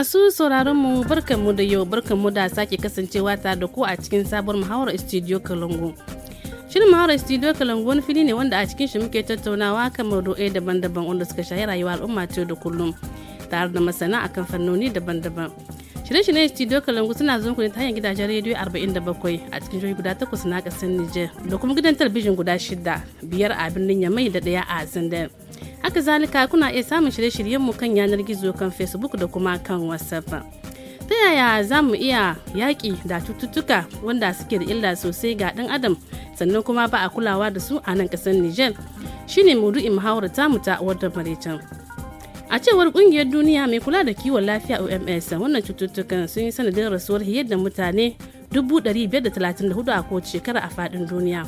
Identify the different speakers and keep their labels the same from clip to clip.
Speaker 1: Masu sauraron mu barkanmu da yau barkanmu da sake kasancewa ta da ku a cikin sabon muhawarar Studio Kalungu. Shirin muhawarar Studio Kalungu wani fili ne wanda a cikin shi muke tattaunawa kan maudu'ai daban-daban wanda suka shahi rayuwar al'umma ta da kullum tare da masana akan fannoni daban-daban. Shirye-shiryen Studio Kalangu suna zuwa ku ne ta hanyar gidajen rediyo 47 a cikin jihohi guda takwas na ƙasar Nijar da kuma gidan talabijin guda shida biyar a birnin Yamai da ɗaya a Zindan. Haka zalika kuna iya samun shirye-shiryen mu kan yanar gizo kan Facebook da kuma kan WhatsApp. Ta yaya za mu iya yaƙi da cututtuka wanda suke da illa sosai ga ɗan adam sannan kuma ba a kulawa da su a nan ƙasar Nijar? Shine maudu'in muhawarar tamu ta wadda maraicen. a cewar kungiyar duniya mai kula da kiwon lafiya oms wannan cututtukan sun yi sanadin rasuwar hiyar da mutane 534 a kowace shekara a fadin duniya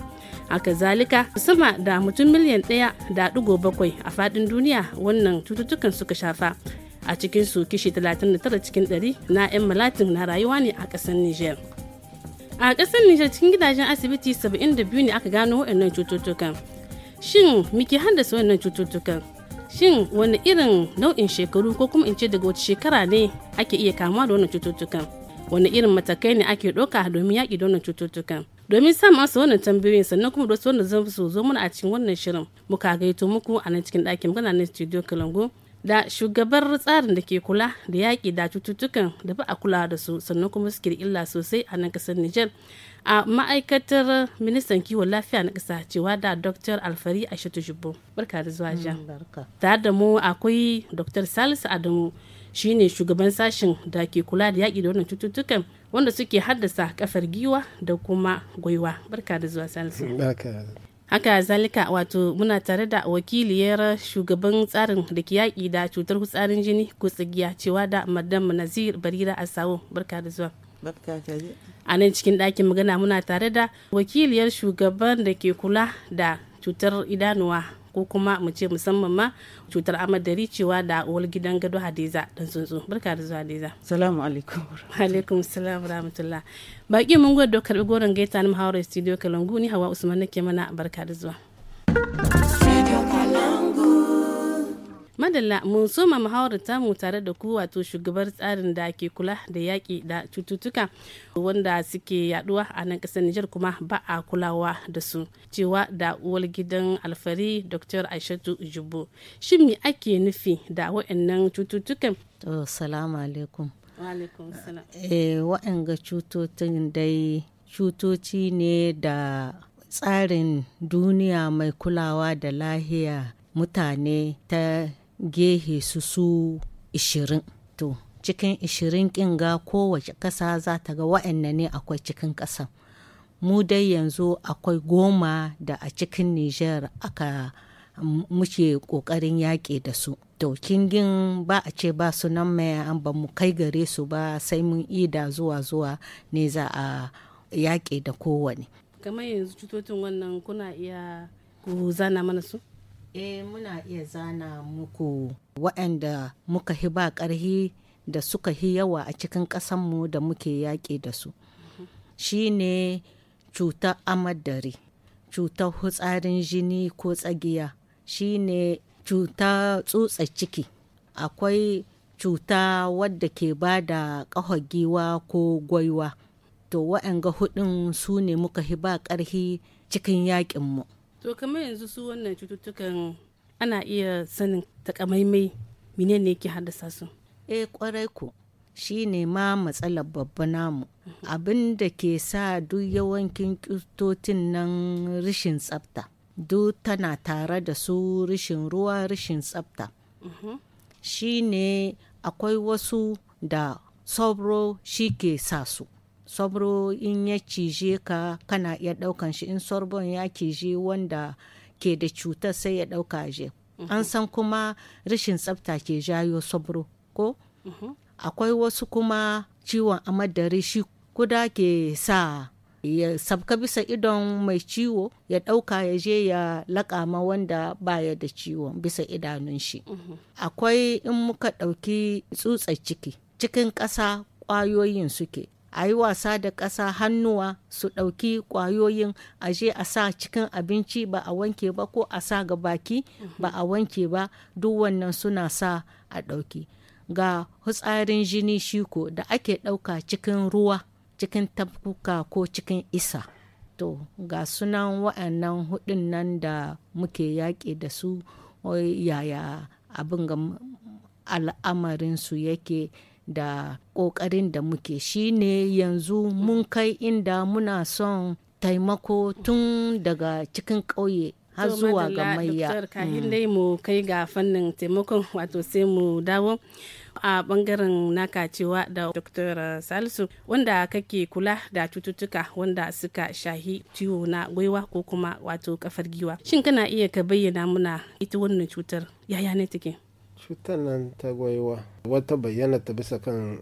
Speaker 1: haka zalika sama da mutum miliyan daya da ɗigo bakwai a fadin duniya wannan cututtukan suka shafa a cikin su kishi 39 cikin 100 na 'yan malatin na rayuwa ne a ƙasar niger a ƙasar niger cikin gidajen asibiti 72 ne aka gano waɗannan cututtukan shin miki haddasa waɗannan cututtukan shin wani irin nau'in shekaru ko kuma in ce daga wata shekara ne ake iya kamuwa da wannan cututtukan wani irin matakai ne ake ɗauka domin yaƙi da wannan cututtukan domin sa masu wannan tambayoyin sannan kuma da wanda zan su zo mana a cikin wannan shirin muka gaito muku a nan cikin ɗakin magana na studio kalango da shugabar tsarin da ke kula da yaƙi da cututtukan da ba a kula da su sannan kuma suke da illa sosai a nan ƙasar Nijar a ma'aikatar ministan kiwon lafiya na ƙasa cewa da dr alfari aishatu jubbo barka da zuwa jan mm, ta da mu akwai dr salisu adamu shine shugaban sashen da ke kula da yaƙi da wannan cututtukan wanda suke haddasa kafar giwa da kuma gwaiwa barka da zuwa salisu mm, haka zalika wato muna tare da wakiliyar shugaban tsarin da ke yaƙi da cutar hutsarin jini ko tsigiya cewa da madam nazir barira asawo barka da zuwa a nan cikin ɗakin magana muna tare da wakiliyar shugaban da ke kula da cutar idanuwa ko kuma mu ce musamman ma cutar amadari cewa da uwar gidan gado hadiza dan tsuntsu barka da zuwa hadiza salamu alaikum alaikum salam rahmatullah baki mun gwada karbi goron gaita na mahawar studio kalangu ni hawa usman nake mana barka da zuwa madalla mun soma muhawarar mu tare da ku wato shugabar tsarin da ke kula da yaƙi da cututtuka wanda suke yaduwa a nan ƙasar Nijar kuma ba a kulawa da su cewa da uwar gidan alfari Dr. Aishatu Jubbo. Shin me ake nufi da waɗannan cututtukan?
Speaker 2: To, assalamu alaikum.
Speaker 1: Alaikum salam. Eh,
Speaker 2: waɗanga dai cutoci ne da tsarin duniya mai kulawa da lahiya mutane ta gehe su su ishirin to cikin ishirin kin ga kowace ƙasa za ta ga wa'anne ne akwai cikin ƙasa mu dai yanzu akwai goma da a cikin niger aka muke ƙoƙarin yaƙi da su to kingin ba a ce ba su nan mai an ba mu kai gare su ba sai mun ida zuwa zuwa ne za a yaƙi da kowane
Speaker 1: kamar yanzu cututun wannan kuna iya ku zana mana su
Speaker 2: E, muna iya zana muku waɗanda muka hi ba ƙarhi da suka hi yawa a cikin ƙasanmu da muke yaƙi da su shi ne cutar amadari cutar hutsarin jini ko tsagiya shi ne cuta tsutsa ciki akwai cuta wadda ke ba da ƙahogiwa ko gwaiwa to waɗanga hudun su ne muka hi ba ƙarhi cikin yaƙinmu.
Speaker 1: to kamar yanzu su wannan cututtukan ana iya sanin takamaimai menene yake haddasa su eh kwarai ku shi ne ma matsalar babba namu
Speaker 2: abin da ke sa duk yawancin cutotin nan rishin tsafta duk tana tare da su rishin ruwa rishin tsafta mhm. shi ne akwai wasu da sauro shi ke sa su sabro in ya cije ka kana iya ɗaukan shi in sorbon ya cije wanda ke da cutar sai ya ɗauka je mhm. an san kuma rashin tsafta ke jayo sabro ko mhm. akwai wasu kuma ciwon amadari shi kuda ke sa ya sabka bisa idon mai ciwo ya ɗauka ya je ya laƙama wanda baya da ciwon bisa idanun shi mhm. akwai in muka ɗauki tsutsar ciki cikin ƙasa ƙwayoyin suke a yi wasa da ƙasa hannuwa su ɗauki ƙwayoyin aje a sa cikin abinci ba a wanke ba ko a sa ga baki ba a wanke ba duk wannan suna sa a ɗauki ga hutsarin jini shiko da ake ɗauka cikin ruwa cikin tafkuka ko cikin isa to ga sunan wa'annan hudun nan da muke yaƙi da su yaya abin ga al'amarinsu yake da ƙoƙarin da muke shine yanzu mun kai inda muna son taimako tun daga cikin ƙauye har zuwa ga mayya. Mm. dai
Speaker 1: mu kai ga fannin taimakon wato sai mu dawo a bangaren naka cewa da dr salisu wanda kake kula da cututtuka wanda suka shahi ciwo na gwiwa ko kuma wato kafar giwa shin kana iya ka bayyana muna ita wannan cutar yaya ne take
Speaker 3: cutar nan ta gwaiwa wata bayyana ta bisa kan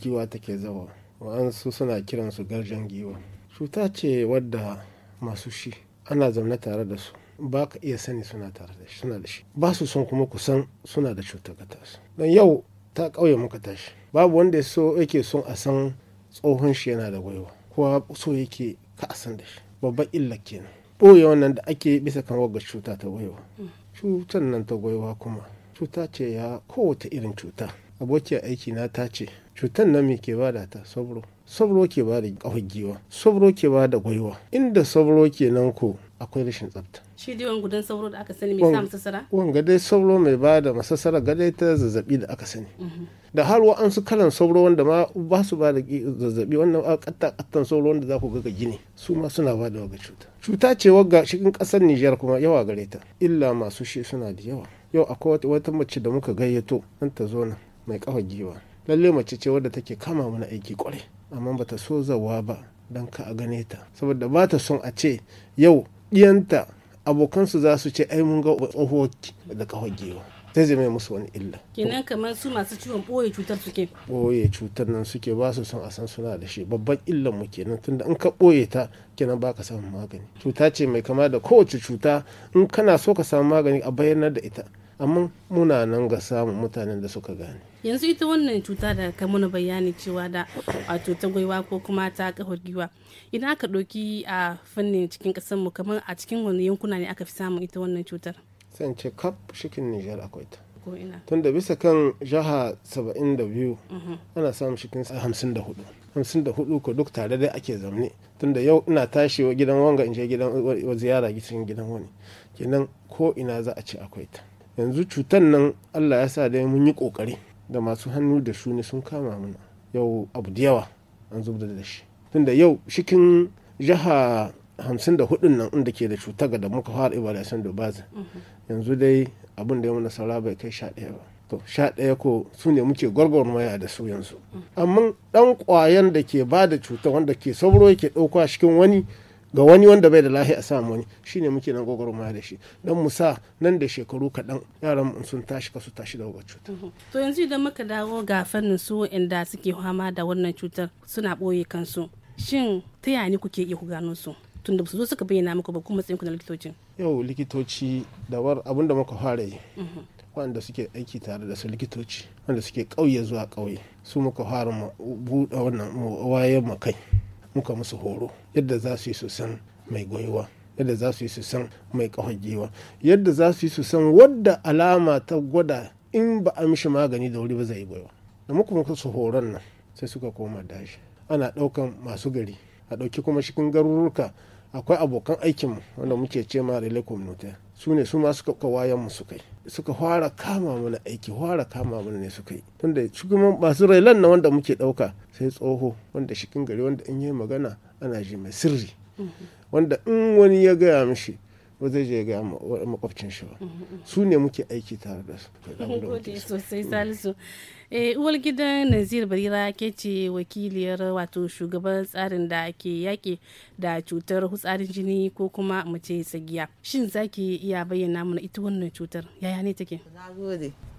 Speaker 3: giwa take zawa wa'ansu suna kiransu garjan giwa cuta ce wadda masu shi ana zaune tare da su ba ka iya sani suna tare da shi suna da shi ba su son kuma kusan suna da cutar ka tasu don yau ta ƙauye muka tashi babu wanda ya so yake son a san tsohon shi yana da gwaiwa kowa so yake ka a san da shi babban illa kenan ɓoye wannan da ake bisa kan wagga cuta ta gwaiwa mm. cutar nan ta gwaiwa kuma cuta ce ya kowace irin cuta abokiyar aiki na ta ce cutan nan me ke bada ta sabro sabro ke bada kawai giwa sabro ke bada gwaiwa inda sabro ke nan ko akwai rashin tsafta
Speaker 1: shi dai wangudan sauro da aka sani mai sa masassara
Speaker 3: wanga dai sauro mai bada masassara gadai ta zazzabi da aka sani mhm. da har wa'ansu kalan sauro wanda ma ba su ba da zazzabi wannan kattan sauro wanda za ku ga gini su ma suna ba da waga cuta cuta ce waga cikin kasar Nijar kuma yawa gare ta illa masu shi suna da yawa yau akwai wata mace da muka gayyato nan ta zo nan mai kafa giwa lalle mace ce wadda take kama mana aiki kwarai amma bata so zawa ba don ka a gane ta saboda ba ta son a ce yau ɗiyanta abokansu za su ce ai mun ga tsoho da kawar giwa zai zai mai musu wani illa
Speaker 1: kenan kamar su masu ciwon ɓoye cutar suke
Speaker 3: ɓoye cutar nan suke ba su son a san suna da shi babban illan mu kenan tunda in ka ɓoye ta kenan ba ka samun magani cuta ce mai kama da kowace cuta in kana so ka samu magani a bayyana da ita amma muna nan ga samun mutanen da suka gane
Speaker 1: yanzu ita wannan cuta da ka muna bayani cewa da wato ta gwaiwa ko kuma ta kafar giwa idan aka ɗauki a fannin cikin mu kamar a cikin wani yankuna ne aka fi samun ita wannan cutar
Speaker 3: sai ce kaf shikin niger akwai ta tun da bisa kan jiha 72 mhm. ana samun shikin 54 54 ko duk tare dai ake zamne tun da yau ina tashi wa gidan wanga in je gidan ziyara gidan wani kenan ko ina za a ce akwai ta yanzu cutan nan allah ya sa dai mun yi ƙoƙari da masu hannu da shuni sun kama mun yau abu da yawa an zubda da shi tunda yau cikin jiha hamsin da hudun nan inda ke da cutar da muka fara evaluation da bazin yanzu dai abin da ya mana saura bai kai sha ɗaya ba to sha ɗaya ko su ne muke gwagwarmaya da su yanzu amma dan kwayan da ke ba da cuta wanda ke sauro yake ɗauka cikin wani ga wani wanda bai da lahi a samu wani shine muke nan gwagwarmaya da shi don musa nan da shekaru kaɗan yaran mu sun tashi kasu tashi da wata
Speaker 1: cuta. Mhm. to yanzu idan muka dawo ga fannin su inda suke hama da wannan cutar suna ɓoye kansu shin ta yani kuke iya ku gano su tun da su zo suka bayyana muku ba kuma ku na likitocin. yau
Speaker 3: likitoci da war abin da muka fara yi mhm. wanda suke aiki tare da su likitoci wanda suke ƙauye zuwa ƙauye su muka fara buɗe wannan waye makai muka musu horo yadda za su yi su san mai gwaiwa yadda za su yi su san mai ƙahon giwa yadda za su yi su san wadda alama ta gwada in ba a mishi magani da wuri ba zai yi gwaiwa da muka muka su horon nan sai suka koma dashi ana ɗaukan masu gari a ɗauki kuma cikin garuruka akwai abokan aikinmu wanda muke ce ma relay communautaire su ne su ma suka kwawayen mu suka yi suka fara kama mana aiki fara kama mana ne suka yi tunda shugaban rai railan na wanda muke dauka sai tsoho wanda shikin gari wanda in yi magana ana ji mai sirri mm-hmm. wanda in wani ya gaya mishi ba zai je ga makwabcin shi ba mm-hmm. su ne muke aiki tare da su
Speaker 1: mm. eh, uwar gidan nazir barira ke ce wakiliyar wato shugaban tsarin da ke yaƙi da cutar hutsarin jini ko kuma mace tsagiya shin zaki iya bayyana mana ita wannan cutar yaya ne take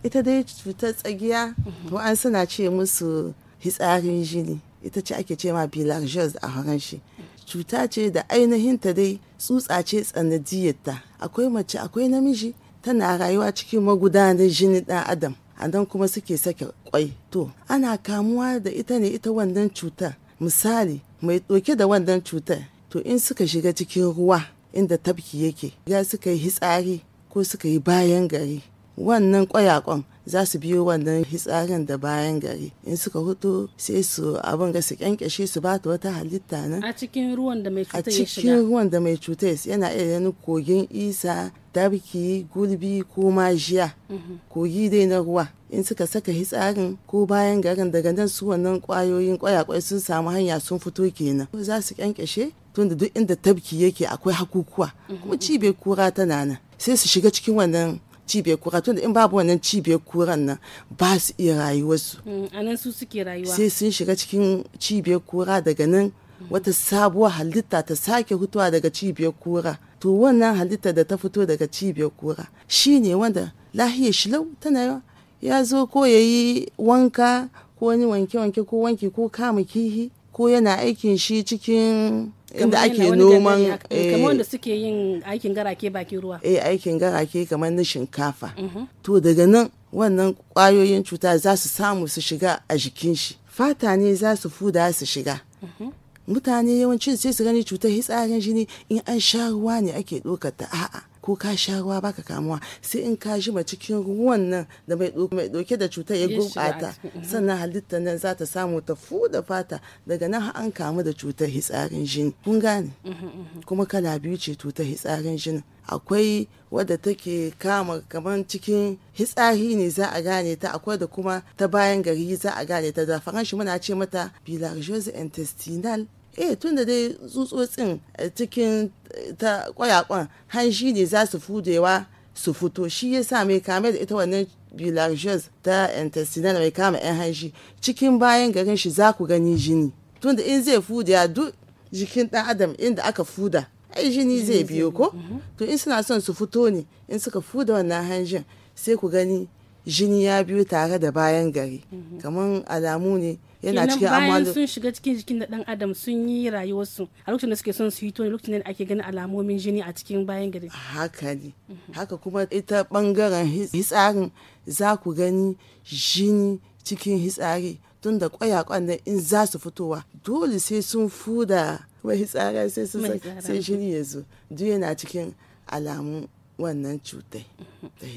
Speaker 4: ita dai cutar tsagiya mm-hmm. wa'an suna ce musu hitsarin jini ita ce ake ce ma bilagios a faranshi mm-hmm. cuta ce da ainihinta dai tsutsa ce tsanadiyarta akwai mace akwai namiji tana rayuwa cikin magudanar jini ɗan adam a nan kuma suke sake kwai to ana kamuwa da ita ne ita wannan cutar misali mai ɗauke da wannan cutar to in suka shiga cikin ruwa inda tafki yake ya suka yi hitsari ko suka yi bayan gari wannan kwayakon za su biyo wannan hitsarin da bayan gari in suka hutu sai su abin ga su kyankyashe su ba ta wata halitta na.
Speaker 1: a cikin ruwan da mai cuta ya shiga a cikin
Speaker 4: ruwan da mai cuta yana iya yana kogin isa darki gulbi ko majiya mhm. kogi dai na ruwa in suka saka hitsarin ko bayan garin daga nan su wannan kwayoyin kwayakwai sun samu hanya sun fito kenan za su kyankyashe tunda duk inda tabki yake akwai hakukuwa mhm. kuma cibiyar kura tana nan sai su shiga cikin wannan cibiyar kura tun in babu wannan cibiyar kuran nan ba su iya rayuwarsu
Speaker 1: mm, anan su suke rayuwa sai
Speaker 4: sun shiga cikin cibiyar kura daga nan wata sabuwar halitta ta sake hutuwa daga cibiyar kura to wannan halitta da ta fito daga cibiyar kura shi ne wanda lahiyar shilau tana ya zo ko ya yi wanka ko wani wanke-wanke ko wanki ko kama kihi ko yana aikin shi cikin inda ake noman eh,
Speaker 1: suke yin aikin garake bakin ruwa
Speaker 4: eh aikin garake kamar na shinkafa mm-hmm. to daga nan wannan kwayoyin cuta za su samu su shiga a jikin shi fata ne za su fuda su shiga mm-hmm. mutane yawancin sai su gani cutar hitsarin jini in an sha ruwa ne ake ɗaukar ta a'a ko ka sha ruwa baka kamuwa sai in ka jima cikin ruwan nan da mai doke da cutar ya gurbata mhm. sannan halitta nan za ta samu ta fuda fata daga nan an kamu da cutar hitsarin jini kun gane mhm, mhm. kuma kala biyu ce cutar hitsarin jini akwai wadda take kama kamar cikin hitsari ne za a gane ta akwai da kuma ta bayan gari za a gane ta da faranshi muna ce mata bilharziosis intestinal eh tun da dai tsutsotsin eh, cikin eh, ta kwayakwan hanshi ne za su fudewa su fito shi ya sa mai kame da ita wannan bilharzius ta intestinal mai kama yan hanshi cikin bayan garin shi za ku gani jini tun da in zai fuda duk jikin ɗan adam inda aka fuda ai jini zai biyo ko mhm. to in suna son su fito ne in suka fuda wannan hanjin sai ku gani jini ya biyu tare da bayan gari kamar alamu ne yana cikin amalu sun
Speaker 1: shiga cikin jikin da dan adam sun yi rayuwarsu a lokacin da suke son su hito lokacin da ake ganin alamomin jini a cikin bayan gari
Speaker 4: haka ne haka kuma ita bangaren hitsarin za ku gani jini cikin hitsari tun da kwayakwan da in za su fitowa dole sai sun fuda mai hitsara sai sun sai jini ya zo duk yana cikin alamun wannan cutai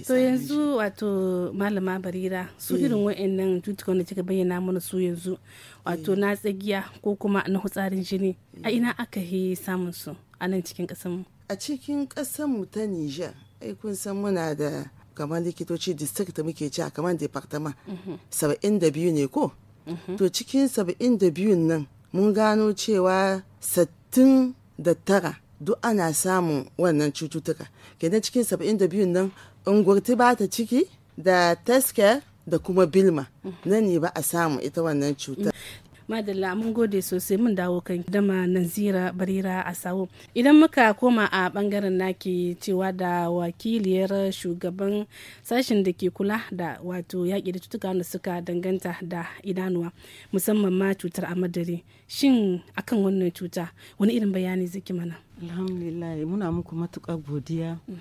Speaker 1: to yanzu wato malama barira su eh. irin wa'annan cutukan da kika bayyana mana su yanzu wato eh. na tsagiya ko kuma na hutsarin jini a eh. ina aka yi samun su a nan cikin kasanmu
Speaker 4: a cikin kasanmu ta nijar ai kun san muna da kamar likitoci district muke ci a kamar department. Mhm. saba'in da biyu ne ko mhm. to cikin saba'in da biyun nan mun gano cewa sattin da tara duk ana samun wannan cututtuka kenan cikin 72 nan ungurti ba ta ciki da tesker da kuma bilma mm. nan ne ba a samu ita wannan cutar mm.
Speaker 1: madalla mun gode sosai mun dawo kan dama nazira barira a sawo idan muka koma a bangaren naki cewa da wakiliyar shugaban sashen da ke kula da wato yaƙi da cutuka da suka danganta da idanuwa musamman ma cutar amadare shin akan wannan cuta wani irin bayani zaki mana
Speaker 5: alhamdulillah muna muku matuƙar godiya mhm.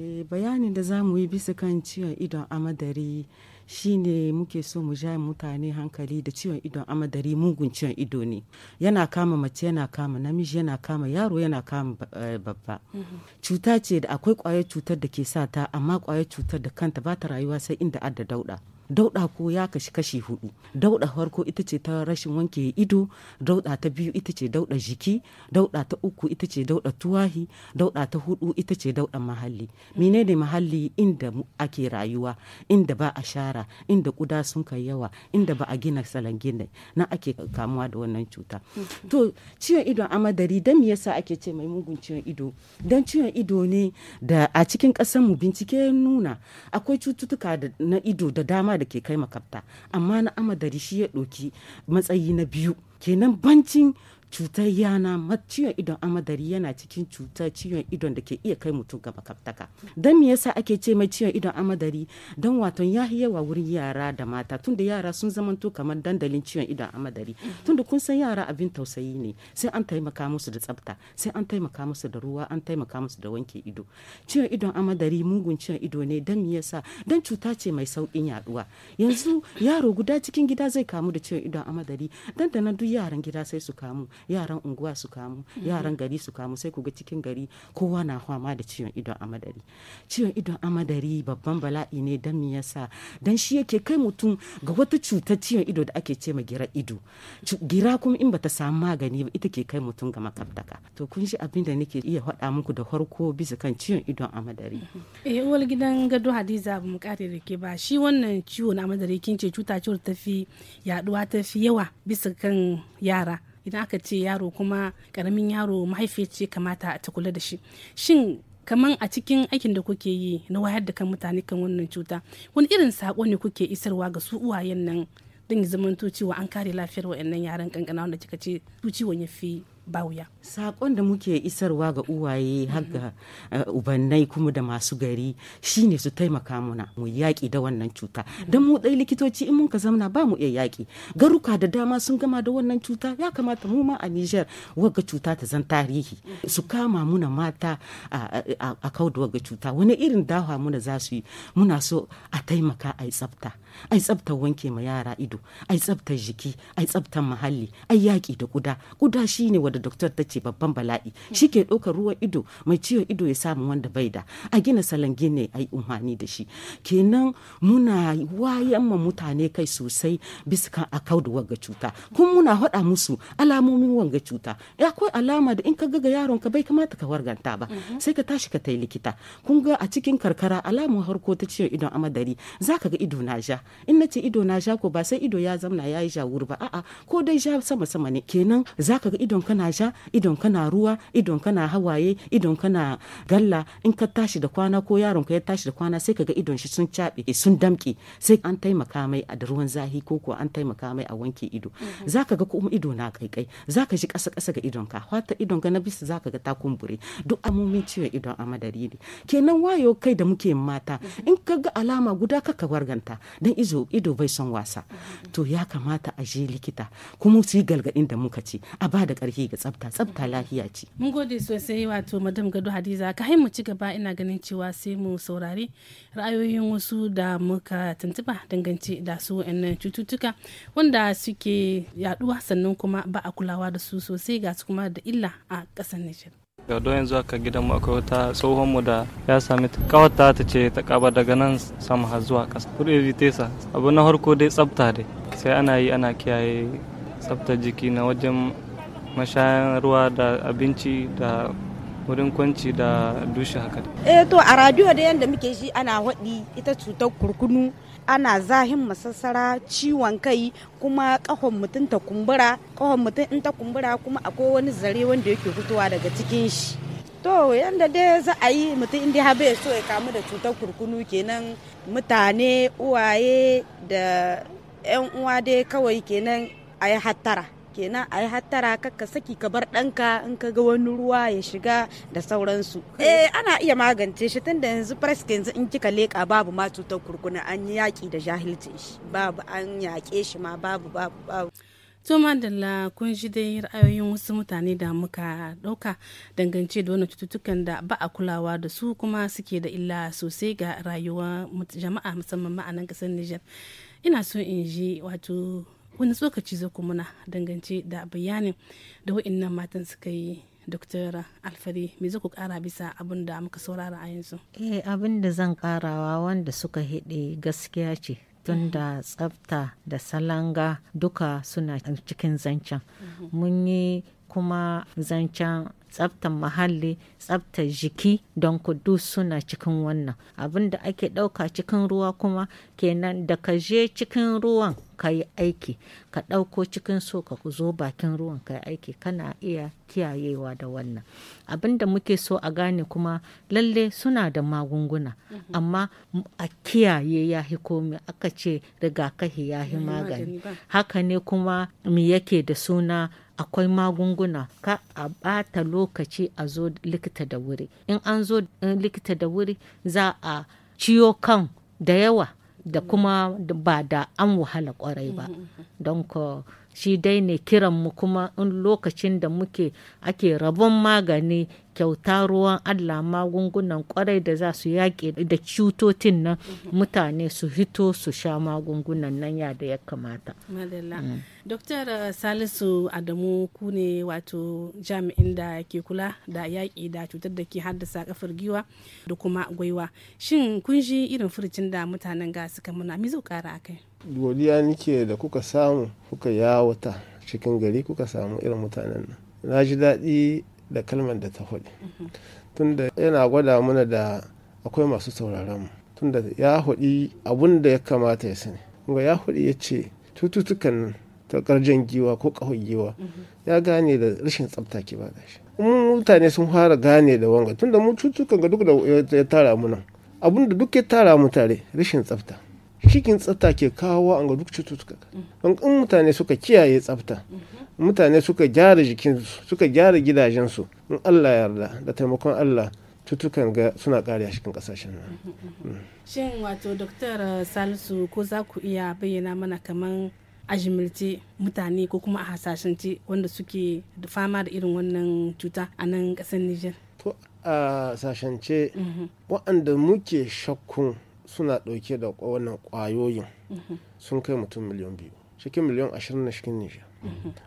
Speaker 5: eh, bayanin da za mu yi bisa kan ciwon idon amadare Shi shine muke so mu ja mutane hankali da ciwon idon amadari mugun ciwon ido ne yana kama mace yana kama namiji yana kama yaro yana kama eh, babba mm-hmm. cuta ce da akwai kwayar cutar da ke sa ta amma kwayar cutar da kanta ba ta rayuwa sai inda adda dauda dauɗa ko ya kashi kashi hudu dauɗa farko ita ce ta rashin wanke ido dauɗa ta biyu ita ce dauɗa jiki dauɗa ta uku ita ce dauɗa tuwahi dauɗa ta hudu ita ce dauɗa mahalli menene mahalli inda ake rayuwa inda ba a shara inda kuda sun kai yawa inda ba a gina gina na ake kamuwa da wannan cuta to ciwon idon amadari dan me yasa ake ce mai mugun ciwon ido dan ciwon ido ne da a cikin kasan mu bincike nuna akwai cututtuka na ido da dama da ke kai makabta amma na amadari shi ya ɗoki matsayi na biyu kenan bancin cutar yana ciwon idon amadari yana cikin cutar ciwon idon da ke iya kai mutum gaba makaftaka don me yasa ake ce mai ciwon idon amadari don waton ya yi yawa wurin yara da mata tunda yara sun zamanto kamar dandalin ciwon idon amadari tunda kun san yara abin tausayi ne sai an taimaka musu da tsafta sai an taimaka musu da ruwa an taimaka musu da wanke ido ciwon idon amadari mugun ciwon ido ne don me yasa don cuta ce mai saukin yaduwa yanzu yaro guda cikin gida zai kamu da ciwon idon amadari dan da duk yaran gida sai su kamu yaran unguwa su kamu mhm. yaran gari su kamu sai ku ga cikin gari kowa na fama da ciwon idon amadari ciwon idon amadari babban bala'i ne dan me yasa dan shi yake kai mutum ga wata cutar ciwon ido da ake ce ma gira ido gira kuma in bata samu magani ba ita ke kai mutum ga makaftaka to kun shi abin da nake iya faɗa muku da farko bisa kan ciwon idon amadari mhm.
Speaker 1: eh uwar gidan gado hadiza ba mu kare da ke ba shi wannan ciwo na amadari kin ce cuta ciwon tafi yaduwa tafi yawa bisa kan yara idan aka ce yaro kuma karamin yaro mahaifiyar ce kamata ta kula da shi shin kaman a cikin aikin da kuke yi na wayar da kan mutane kan wannan cuta wani irin sako ne kuke isarwa ga su uwayen nan don ya zamanto cewa an kare lafiyar wa'annan yaran kankana wanda kika ce su ciwon ya fi ba wuya.
Speaker 5: Sakon da muke isarwa ga uwaye har ga eh, ubannai kuma da masu gari shine su taimaka muna mu yaƙi da wannan cuta. Don mu ɗai likitoci in mun ka zamna ba mu iya yaƙi. Garuka da dama sun gama da wannan cuta ya kamata mu ma a Nijar wagga cuta ta zan tarihi. Su kama muna mata a da wagga cuta wani irin dawa muna za su yi muna so a taimaka a yi tsafta. ai tsabtar wanke ma yara ido ai tsabtar jiki ai tsabtar muhalli ai yaƙi da kuda kuda shine wanda doktor ta ce babban bala'i shi ke ɗaukar ruwan ido mai ciwon ido ya samu wanda bai da a gina salon gine ai umhani da shi kenan muna wayan ma mutane kai sosai bisa kan akau da wanga cuta kun muna haɗa musu alamomin wanga cuta ya akwai alama da in ka ga yaron ka bai kamata ka warganta ba mhm. sai ka tashi ka tai likita kun ga a cikin karkara alamar harko ta ciwon idon amadari zaka ga ido na ja in na ce ido na ja ko ba sai ido ya zamna ya yi jawur ba a'a ko dai ja sama sama ne kenan zaka ga idon kana ja idon kana ruwa idon kana hawaye idon kana galla in ka tashi da kwana ko yaron ka ya tashi da kwana sai ka ga idon shi sun caɓe sun damƙe sai an taimaka mai a da ruwan zahi ko ko an taimaka mai a wanke ido mhm. zaka ga kuma ido na kaikai zaka ji kasa kasa ga idon ka fata idon ka na bisa zaka ga ta kumbure duk amomin ciwon idon a madari ne kenan wayo kai da muke mata mhm. in ka ga alama guda ka warganta dan izo ido bai son wasa to ya kamata a je likita kuma su yi galgadin da muka ci a ba da karfi ga tsafta tsafta lafiya ce
Speaker 1: mun gode sosai wato madam gado hadiza ka mu ci gaba ina ganin cewa sai mu saurari ra'ayoyin wasu da muka tuntuba dangance da su wa'annan cututtuka wanda suke yaduwa sannan kuma ba a kulawa da su sosai ga su kuma da illa a ƙasar Nijar.
Speaker 3: ga yanzu aka gidanmu akwai tsohon mu da ya sami kawata ta ce ta kaba daga nan sama har zuwa ƙasa kudin vitesa abu na harko dai tsafta dai sai ana yi ana kiyaye tsaftar jiki na wajen mashayan ruwa da abinci da wurin kwanci da dushi haka
Speaker 1: eh to a radio da yanda muke shi ana waɗi ita cutar kurkunu ana zahin masassara ciwon kai kuma kahon mutum ta kumbura kahon mutum in ta kumbura kuma akwai wani zare wanda yake fitowa daga cikin shi to yanda dai za a yi mutum inda ya so ya kamu da cutar kurkunu kenan mutane uwaye da 'yan uwa dai kawai kenan a yi hattara kenan a yi hattara kakka saki ka bar ɗanka in ka ga wani ruwa ya shiga da sauransu eh ana iya magance shi tunda yanzu presque yanzu in kika leƙa babu ma cutar kurkuna an yi yaƙi da jahilci shi babu an yaƙe shi ma babu babu babu to madalla kun ji dai ra'ayoyin wasu mutane da muka ɗauka dangance da wannan cututtukan da ba a kulawa da su kuma suke da illa sosai ga rayuwar jama'a musamman ma a nan ƙasar Nijar ina so in ji wato wani tsokaci zai kuma dangance da bayanin da wa'annan matan suka yi Dr. Alfari me za ku kara bisa abin da muka saurara a yanzu?
Speaker 2: Eh abin da zan karawa wanda suka hede gaskiya ce tun da tsafta da salanga duka suna cikin zancen. Mhm. Mun yi kuma zancen tsaftar muhalli tsaftar jiki don kudu suna cikin wannan abin da ake ɗauka cikin ruwa kuma kenan da ka je cikin ruwan ka yi aiki ka ɗauko cikin so ka zo bakin ruwan ka yi aiki kana iya kiyayewa da wannan abin da muke so a gane kuma lalle suna da magunguna mhm. amma a kiyaye ya hi komi aka ce rigakafi ya hi magani haka ne kuma me yake da suna akwai magunguna ka a ɓata lokaci a zo likita da wuri in an zo likita da wuri za a ciyo kan da yawa da kuma ba da an wahala kwarai ba mm-hmm. don ko shi dai ne kiranmu kuma in lokacin da muke ake rabon magani kyauta ruwan allah magungunan kwarai da za su yaƙi da cutotin nan mutane su hito su sha magungunan nan ya da ya kamata. Mm.
Speaker 1: Doktor uh, Salisu Adamu ku ne wato jami'in da ke kula da yaƙi da cutar da ke haddasa kafar giwa da kuma gwaiwa. Shin kun ji irin furcin da mutanen ga suka muna mizu kara kai kai.
Speaker 3: godiya nike da kuka samu kuka yawata cikin gari kuka samu irin mutanen nan na ji daɗi da kalmar da ta faɗi tunda yana gwada mana da akwai masu sauraron mu tunda ya haɗi abun da ya kamata ya sani kuma ya haɗi ya ce cututtukan ta ƙarjan giwa ko ƙahon giwa ya gane da rashin tsafta ke ba shi mutane sun fara gane da wanga tunda mu cututtukan ga duk da ya tara mu nan abun da duk ya tara mu tare rashin tsafta shikin tsafta ke kawo an ga duk cututtuka don in mutane suka kiyaye tsafta mutane suka gyara jikinsu suka gyara gidajensu in allah yarda da taimakon allah tutukan ga suna kare cikin kasashen nan.
Speaker 1: Shin wato Dr. Uh, Salisu ko za ku iya bayyana mana kaman ajimilce mutane ko kuma a hasashen ce wanda suke fama da irin wannan cuta a nan kasar Nijar? To
Speaker 3: a ce mhm. waɗanda muke shakkun suna ɗauke da wannan ƙwayoyin mhm. sun kai mutum miliyan biyu cikin miliyan ashirin na cikin nisha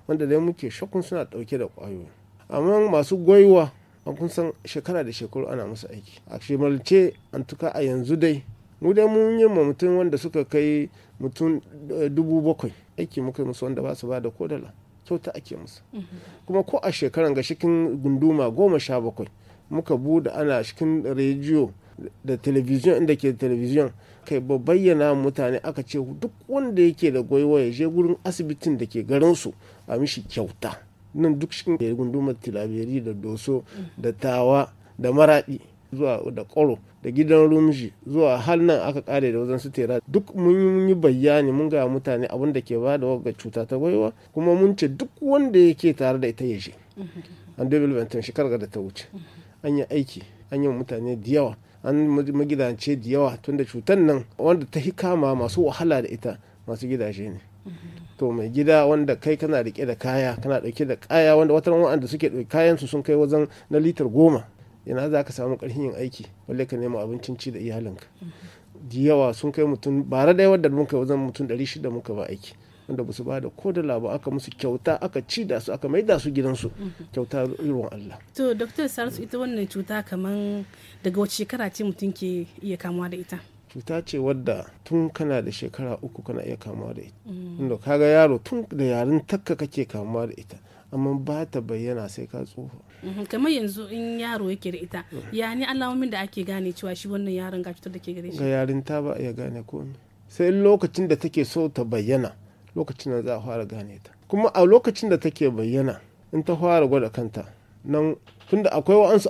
Speaker 3: wanda dai muke shakun suna ɗauke da ƙwayoyin amma masu gwaiwa an kun san shekara da shekaru ana musu aiki a shemalce an tuka a yanzu dai mu dai mun yi ma mutum wanda suka kai mutum eh, dubu bakwai aiki muka musu wanda ba su ba da kodala kyauta ake musu mhm. kuma ko a shekaran ga cikin gunduma goma sha bakwai muka buɗe ana cikin rediyo da telebijin inda ke telebijin kai ba bayyana mutane aka ce duk wanda yake da gwaiwa ya je gurin asibitin da ke garin su a mishi kyauta nan duk ne gundumar tilaberi da doso da tawa da maraɗi zuwa da ƙoro da gidan rumji zuwa har nan aka kare da wajen su tera duk mun yi bayani mun ga mutane abin da ke ba da ga cuta ta gwaiwa kuma mun ce duk wanda yake tare da ita ya je an 2020 shekarar da ta wuce an yi aiki an yi mutane da yawa an magidance da yawa tun da cutar nan wanda ta hi kama masu wahala da ita masu gidaje ne to mai gida wanda kai kana rike da kaya kana dauke da kaya wanda wata wa'anda suke kayan su sun kai wajen na litar goma yana za ka samu karfin yin aiki balle ka nema abincin ci da iyalinka da yawa sun kai mutum ra dai wanda mun kai wajen mutum 600 muka ba aiki wanda ba su ba da ko da labu aka musu kyauta aka ci da su aka maida su gidansu mhm. kyauta ruwan Allah
Speaker 1: to dr sarsu ita wannan cuta kamar daga wace shekara ce mutum ke iya kamuwa da ita
Speaker 3: cuta ce wadda tun kana da shekara uku kana iya kamuwa da ita wanda mm. kaga yaro tun da yarin takka kake kamuwa da ita amma ba ta bayyana sai ka tsufa
Speaker 1: mm-hmm. kamar yanzu in yaro yake da ita mm. ya ni alamomin da ake gane cewa shi wannan yaron ga cutar da ke gare shi ga
Speaker 3: yarin ta ba iya gane komai sai lokacin da take so ta bayyana lokacin da za a fara gane ta kuma a lokacin da take bayyana in ta fara gwada kanta nan tunda akwai wa'ansu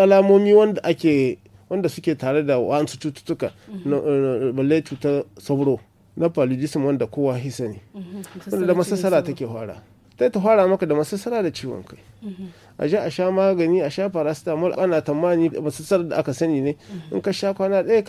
Speaker 3: alamomi wanda ake wanda suke tare da wa'ansu cututtuka mm-hmm. balle cutar sauro na paludism wanda kowa hisa ne
Speaker 6: mm-hmm. wanda da masassara take
Speaker 3: fara ta ta fara maka da masassara da ciwon kai mm-hmm. a sha a sha magani a sha paracetamol ana tamani masassar da aka sani ne in ka sha kwana ɗaya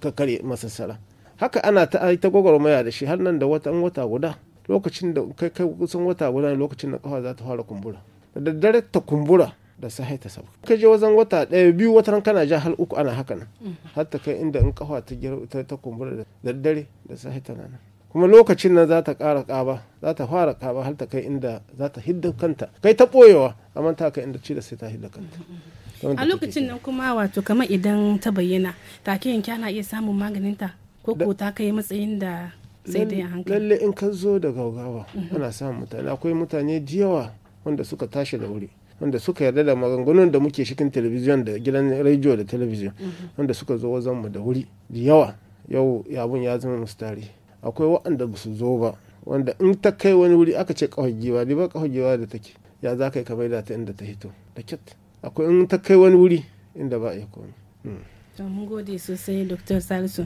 Speaker 3: ka kare masassara haka ana ta ta gwagwarmaya da shi har nan da wata wata guda lokacin da kai kai kusan wata guda ne lokacin da kafa za ta fara kumbura da daddare ta kumbura da sahai ta sabu kai je wajen wata ɗaya biyu wata kana ja har uku ana haka nan mm-hmm. har ta kai inda in kafa ta ta kumbura da daddare da sahai ta nan kuma lokacin nan za ta ƙara ƙaba za ta fara ƙaba har ta kai inda za ta hidda kanta kai ta ɓoyewa amma ta kai inda ci da sai ta hidda kanta mm-hmm. a lokacin
Speaker 1: nan kuma wato kamar idan ta bayyana take yanke ana iya samun maganin ta ko ko ta kai matsayin da sai dai hankali lalle
Speaker 3: in ka zo da gaugawa mhm. ana samun mutane akwai mutane jiyawa wanda suka tashi da wuri wanda suka yarda da maganganun da muke shikin talabijin da gidan rediyo da talabijin mhm. wanda suka zo wajen mu da wuri yawa yau abun ya zama mustari akwai waɗanda ba su zo ba wanda in ta kai wani wuri aka ce kawai giwa ne ba kawai giwa da take ya za ka yi ka da ta inda ta hito da kyat akwai in ta kai wani wuri inda ba a yi komai hmm.
Speaker 1: mun gode sosai dr salisu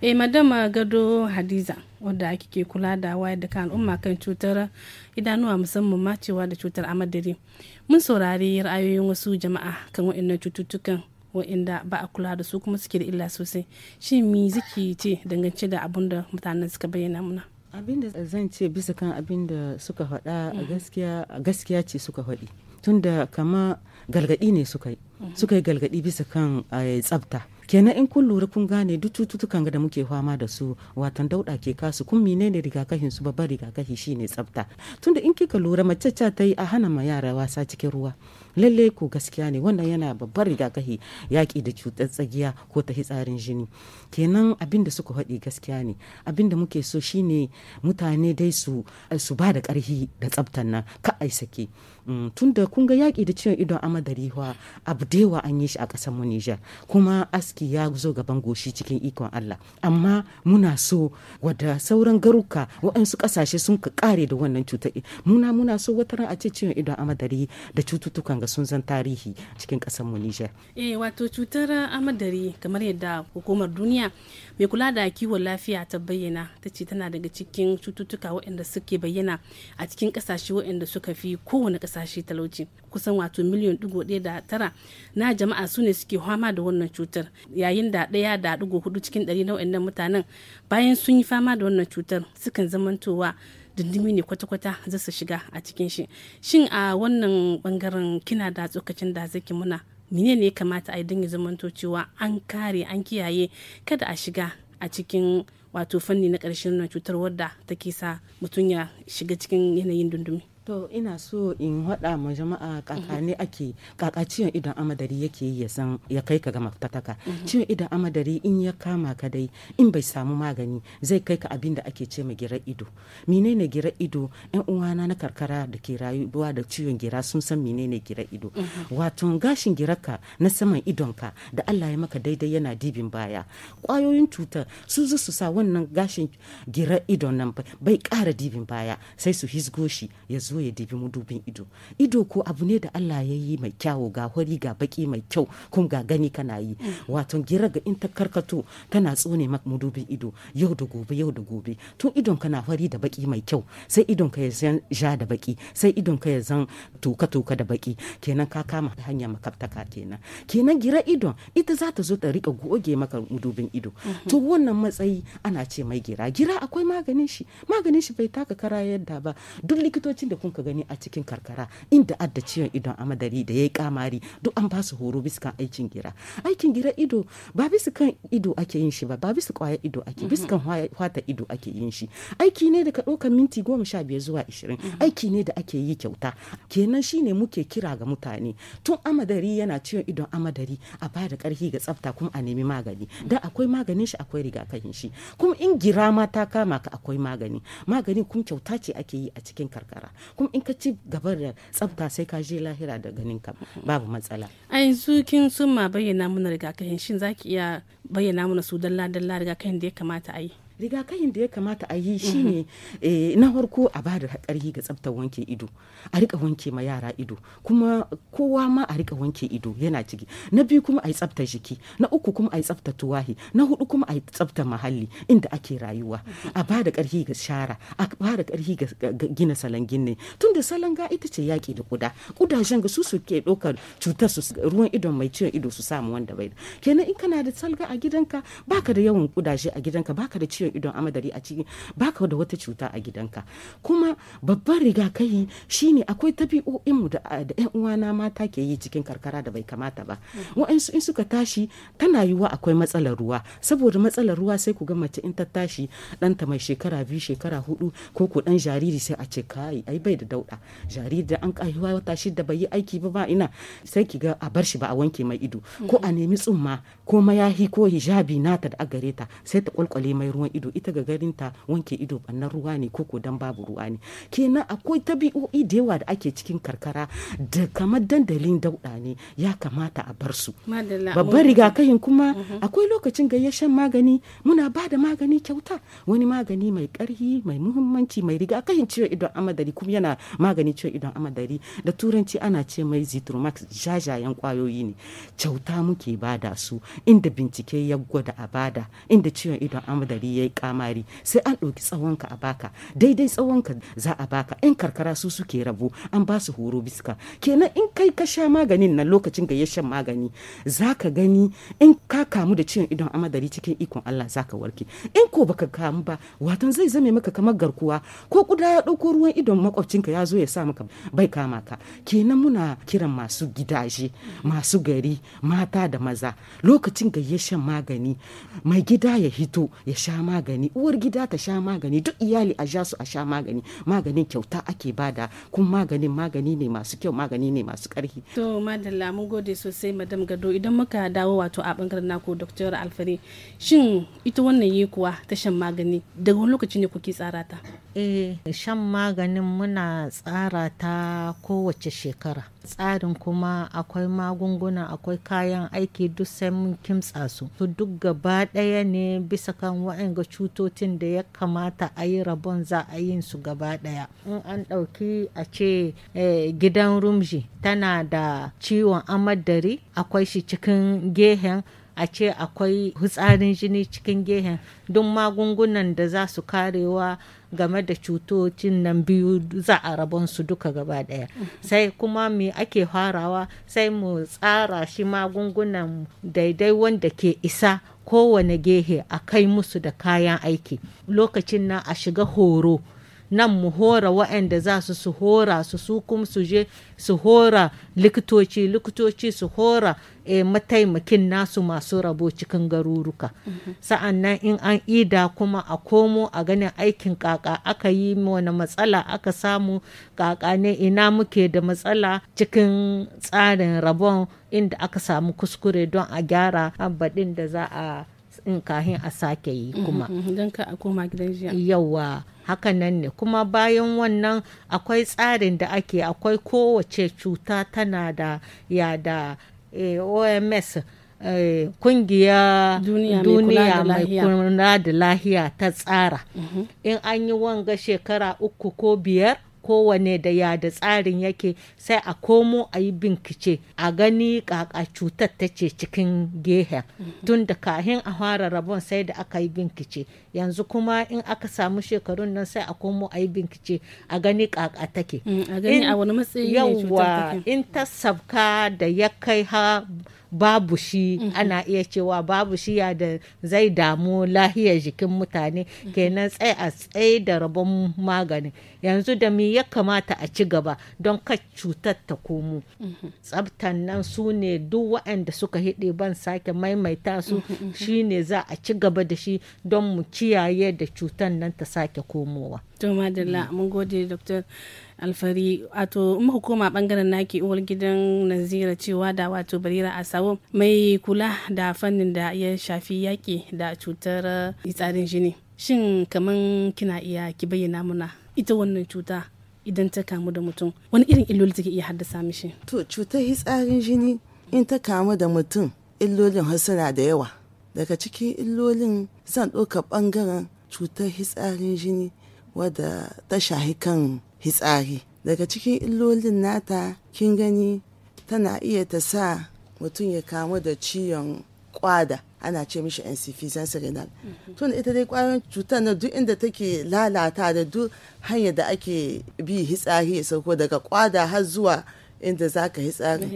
Speaker 1: eh madama gado hadiza wadda ke kula da wayar da kan al'umma kan cutar idanuwa musamman macewa da cutar amadari mun saurari ra'ayoyin wasu jama'a kan wa'annan cututtukan wa'inda ba a kula da su kuma suke da illa sosai shi mi ziki ce dangance da abunda da mutanen suka bayyana muna
Speaker 5: abin da zan ce bisa kan abin da suka faɗa a mm. gaskiya ce suka faɗi tunda kama galgadi ne suka yi mm-hmm. suka yi galgadi bisa kan eh, tsafta kenan in kun lura kun gane duk cututtukan da muke fama da su watan dauda ke kasu kun menene rigakafin su babban rigakafi shine tsabta tunda in kika lura mace ta yi a hana ma yara wasa cikin ruwa lalle ko gaskiya ne wannan yana babban rigakafi yaƙi da cutar tsagiya ko ta hitsarin jini kenan abin da suka haɗi gaskiya ne abin da muke so shine mutane dai su su ba da ƙarfi da tsaftan nan ka ai sake mm, tunda kun ga yaƙi da ciwon idon amadari abu dewa an yi shi a ƙasar mu kuma kuma aski ya zo gaban goshi cikin ikon Allah amma muna so wadda sauran garuka waɗansu ƙasashe sun ka kare da wannan cutar muna muna so wata ran a ce ciwon idon amadari da cututtukan ga sun zan tarihi cikin ƙasar mu Niger
Speaker 1: eh wato cutar amadari kamar yadda hukumar duniya mai kula da kiwon lafiya ta bayyana ta ce tana daga cikin cututtuka waɗanda suke bayyana a cikin ƙasashe waɗanda suka fi kowane ƙasashe talauci kusan wato miliyan ɗigo ɗaya da tara na jama'a su ne suke fama da wannan cutar yayin da ɗaya da ɗigo hudu cikin ɗari na wa'annan mutanen bayan sun yi fama da wannan cutar sukan zamantowa dindimi ne kwata-kwata za su shiga a cikin shi shin a wannan bangaren kina da tsokacin da zaki muna mene ne ya kamata a yi don ya zamanto cewa an kare an kiyaye kada a shiga a cikin wato fanni na ƙarshen cutar wadda take sa mutum ya shiga cikin yanayin dindimi.
Speaker 5: to ina so
Speaker 1: in haɗa ma jama'a
Speaker 5: kaka ne ake kaka ciwon idon amadari yake yi ya san ya kai ka ga mafitaka mhm. ciwon idon amadari in ya kama ka dai in bai samu magani zai kai ka abin da ake ce ma gira ido menene gira ido yan uwana na karkara da ke rayuwa da ciwon gira sun san menene gira ido mhm. wato gashin giraka na saman idon ka da Allah ya maka daidai yana dibin baya kwayoyin cutar su zo su sa wannan gashin gira idon nan bai kara dibin baya sai su hisgo shi ya zo zo ya dibi mudubin ido ido ko abu ne da Allah ya yi mai kyawu ga hori ga baki mai kyau kum ga gani kana yi mm. wato gira ga in ta karkato tana tsone maka mudubin ido yau da gobe yau da gobe tun idon ka na hori da baki mai kyau sai idon ka ya zan ja da baki sai idon ka ya zan toka toka da baki kenan ka kama hanya makaftaka kenan kenan gira idon ita za ta zo ta rika goge maka mudubin ido mm-hmm. to wannan matsayi ana ce mai gira gira akwai maganin shi maganin shi bai taka kara yadda ba duk likitocin da kuma kun ka gani a cikin karkara inda adda ciwon idon amadari da yayi kamari duk an ba su horo bisa kan aikin gira aikin gira ido ba bisa kan ido ake yin shi ba ba bisa kwaya ido ake bisa kan hwata ido ake yin shi aiki ne da ka ɗaukar minti goma sha biyar zuwa ishirin mhm. aiki ne da ake yi kyauta kenan shine muke kira ga mutane tun amadari yana ciwon idon amadari a ba da ƙarfi ga tsafta kuma a nemi magani da akwai maganin shi akwai rigakafin shi kuma in gira ma ta kama ka akwai magani magani kuma kyauta ce ake yi a cikin karkara kuma in ka ci gaba da tsafta sai ka je lahira da ganin ka babu matsala
Speaker 1: a yanzu kin sun ma bayyana mana rigakafin shin zaki iya bayyana mana su dalla dalla rigakafin da ya kamata a yi rigakafin da ya kamata a yi shine
Speaker 5: mhm. eh, na farko a ba da ƙarfi ga tsaftar wanke ido a rika wanke ma yara ido kuma kowa ma a rika wanke ido yana ciki na biyu kuma a yi tsaftar jiki na uku kuma a yi tsaftar tuwahi na hudu kuma a yi tsaftar muhalli inda ake rayuwa a ba da ƙarfi ga shara a ba da ƙarfi ga gina salon gine tunda salanga ita ce yaƙi da kuda kudajen ga su suke ɗaukar cutar su ruwan idon mai ciwon ido su samu wanda bai da kenan in kana da salga a gidanka baka da yawan kudaje a gidanka baka da ciwon ciwon idon amadari a cikin baka da wata cuta a gidanka kuma babban rigakafi shine akwai mu da yan uwana mata ke yi cikin karkara da bai kamata ba mm. wa'ansu in suka tashi tana yiwuwa akwai matsalar ruwa saboda matsalar ruwa sai ku ga mace in ta tashi ɗanta mai shekara biyu shekara hudu ko ko ɗan jariri sai a ce kai ai bai da dauɗa jariri da an kaiwa wata shida bai yi aiki ba ba ina sai ki ga a bar shi ba a wanke mai ido ko a mm. nemi tsumma ko mayahi ko hijabi nata da agareta sai ta kwalkwale mai ruwan ido ita ga ta wanke ido bannan ruwa ne koko dan babu ruwa ne kenan akwai tabi'o'i da yawa da ake cikin karkara da kamar dandalin dauɗa ne ya kamata a bar su
Speaker 1: babban rigakafin
Speaker 5: kuma mhm. akwai lokacin ga ya magani muna ba da magani kyauta wani magani mai karhi mai muhimmanci mai rigakafin ciwon idon amadari kuma yana magani ciwon idon amadari da turanci ana ce mai zitromax jajayen kwayoyi ne kyauta muke bada su inda bincike ya gwada a bada inda ciwon idon amadari ya yi kamari sai an ɗauki tsawonka a baka daidai tsawonka za a baka yan karkara su suke rabo an ba su horo biska kenan in kai ka sha maganin na lokacin ga ya shan magani za ka gani in ka kamu da ciwon idon amadari cikin ikon Allah za ka warke in ko baka kamu ba watan zai zame maka kamar garkuwa ko kuda ya ɗauko ruwan idon makwabcinka ya zo ya sa maka bai kama ka kenan muna kiran masu gidaje masu gari mata da maza lokacin ga ya shan magani mai gida ya hito ya sha magani magani uwar gida ta sha magani duk iyali a sha su a sha magani maganin kyauta ake bada kuma maganin magani ne masu kyau magani ne masu karfi
Speaker 1: to madalla mun gode sosai madam gado idan muka dawo wato a bangaren naku dr alfari shin ita wannan yi kuwa ta shan magani daga wani lokaci ne kuke tsara ta eh
Speaker 2: shan maganin muna tsara ta kowace shekara tsarin kuma akwai magunguna akwai kayan aiki duk sai mun kimtsa su to duk gaba ɗaya ne bisa kan wa'anga cutocin da ya kamata a yi rabon za a yin su gaba ɗaya in an ɗauki a ce eh, gidan rumji tana da ciwon amadari akwai shi cikin gehen a ce akwai hutsarin jini cikin gehen don magungunan da za su karewa game da cutocin nan biyu za a rabon su duka gaba daya sai kuma me ake farawa sai mu tsara shi magungunan daidai wanda ke isa kowane gehe a kai musu da kayan aiki lokacin nan a shiga horo nan mu hora waɗanda za su su hora su su kuma su je su hora likitoci likitoci su hora e, mataimakin nasu masu rabo cikin garuruka mm sa'an nan in an ida kuma a komo a ganin aikin kaka aka yi wani matsala aka samu kaka ne ina muke da matsala cikin tsarin rabon inda aka samu kuskure don a gyara abadin da za a in kahin a sake yi mm-hmm, kuma. Mm-hmm, don ka koma gidan jiya. Yawa haka nan ne kuma bayan wannan akwai tsarin da ake akwai kowace cuta tana da ya da eh, OMS eh, kungiya duniya mai kula da lahiya ta tsara. Mm-hmm. In an yi wanga shekara uku ko biyar kowane da ya da tsarin yake sai a komo a yi binkice a gani kaka cutar ta ce cikin gehen mhm. tun da kahin a fara rabon sai da aka yi binkice yanzu kuma in aka samu shekarun nan sai a komo a yi binkice a gani kaka take mm, a gani a wani matsayi in ta sabka da ya kai ha babu shi mhm. ana iya cewa babu shi ya da zai damu lahiyar jikin mutane mhm. kenan tsaye a tsaye da rabon magani yanzu da mi ya kamata a ci gaba don ka cutar ta komo mhm. tsabtan nan su ne duk waɗanda suka hiɗe ban sake maimaita su shi ne za a ci gaba da shi don mu kiyaye da cutar nan ta sake komowa.
Speaker 1: Mm. alfari wato in muka bangaren naki uwar gidan nazira cewa da wato barira sawo mai kula da fannin da ya shafi yaki da cutar tsarin jini shin kaman kina iya ki bayyana muna ita wannan cuta idan ta kamu da mutum wani irin illoli take iya haddasa mishi
Speaker 4: to cutar hitsarin jini in ta kamu da mutum illolin suna da yawa daga cikin illolin zan ɗauka ɓangaren cutar hitsarin jini wadda ta shahi kan hitsari daga cikin illolin nata kin gani tana iya ta sa mutum ya kamu da ciwon kwada ana ce mishi insuffisance renal mhm. tun ita dai kwayoyin cutar na duk inda take lalata da duk hanyar da ake bi hitsari ya sauko daga kwada har zuwa inda za ka yi tsari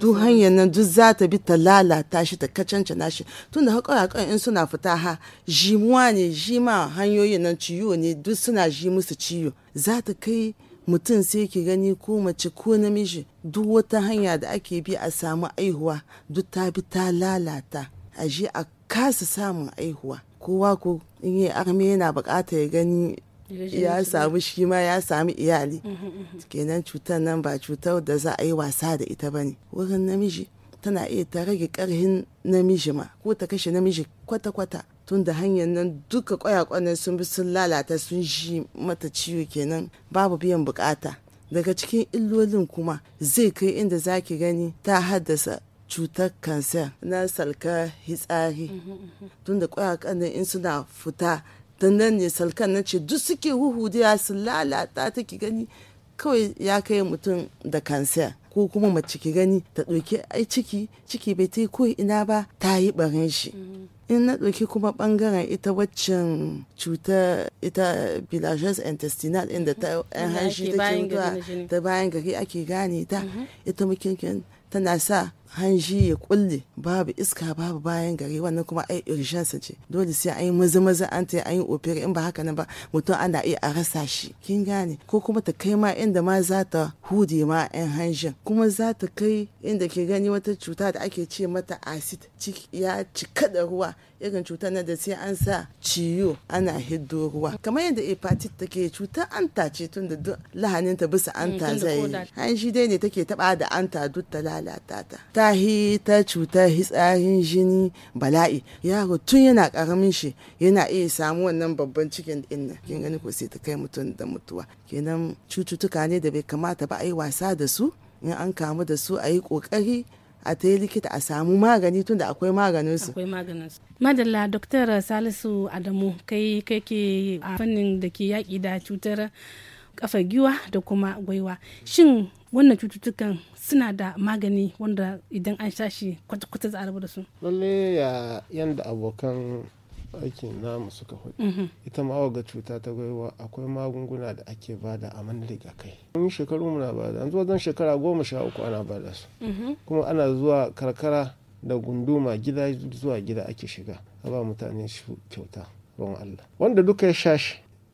Speaker 4: duk hanyar nan duk za ta bi ta lalata shi ta kacanci shi tun da haƙar in suna fita ha jimuwa ne jima hanyoyin nan ciwo ne duk suna ji musu ciwo za ta kai mutum sai ki gani ko mace ko namiji duk wata hanya da ake bi a samu aihuwa duk ta bi ta lalata a je a kasa samun aihuwa kowa ko in yi arme yana bukata ya gani ya samu shi ma ya samu iyali kenan cutar nan ba cutar da za a yi wasa da ita ba ne wurin namiji tana iya ta rage karhin namiji ma ko ta kashe namiji kwata-kwata tun da hanyar nan duka kwayakwanan sun bi sun lalata sun shi mata ciwo kenan babu biyan bukata daga cikin illolin kuma zai kai inda zaki gani ta haddasa cutar kansa na salka hitsari tun da nan in suna fita nan ne salkan nan ce duk suke ya su lalata ta ki gani kawai ya kai mutum da kansa ko kuma mace ki gani ta ɗauki ai ciki ciki bai ta yi ko ina ba ta yi barin shi mm. in na ɗauki kuma ɓangaren ita waccan cutar ita bilashes intestinal inda ta yan hanshi ta ta bayan gari ake gane ta mm-hmm. ita mukinkin tana sa hanji ya kulle babu iska babu bayan gari wannan kuma ai sa ce dole sai an yi maza maza an ta an yi opere in ba haka nan ba mutum ana iya a rasa shi kin gane ko kuma ta kai ma inda ma za ta hude ma yan hanjin kuma za ta kai inda ke gani wata cuta da ake ce mata acid ya cika da ruwa irin cutar na da sai an sa ciyo ana hiddo ruwa kamar yadda hepatitis take cutar anta ce tun da lahanin ta bisa anta mm, zai hanji dai ne take taba da anta duk ta lalata ta ta hi ta cutar hitsarin jini bala'i yaro tun yana karamin shi yana iya samu wannan babban cikin din kin gani ko sai ta kai mutum da mutuwa kenan cututtuka ne da bai kamata ba a yi wasa da su in an kamu da su a yi kokari a ta likita a samu magani tun da akwai maganinsu.
Speaker 1: Akwai maganinsu. Madalla Dr. Salisu Adamu kai kake a fannin da ke yaƙi da cutar kafa giwa da kuma gwaiwa shin wannan cututtukan suna da magani wanda idan an sha shi kwata-kwata za a rabu da su
Speaker 3: lalle ya yanda abokan aikin namu suka hudu mm-hmm. ita ma waga cuta ta gwaiwa akwai magunguna da ake bada a man kai mun shekaru muna bada zuwa zan shekara goma sha uku ana bada su mm-hmm. kuma ana zuwa karkara da gunduma gida zuwa gida ake shiga a ba mutane su kyauta ruwan Allah wanda duka ya sha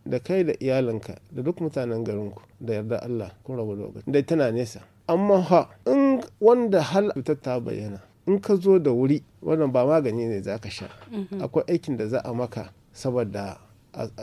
Speaker 3: da kai da iyalinka da duk mutanen garinku da yarda Allah kun rabu lokaci dai tana nesa amma ha in wanda hal cutar ta bayyana in ka zo da wuri wannan ba magani ne za ka sha mhm. akwai aikin da za a maka saboda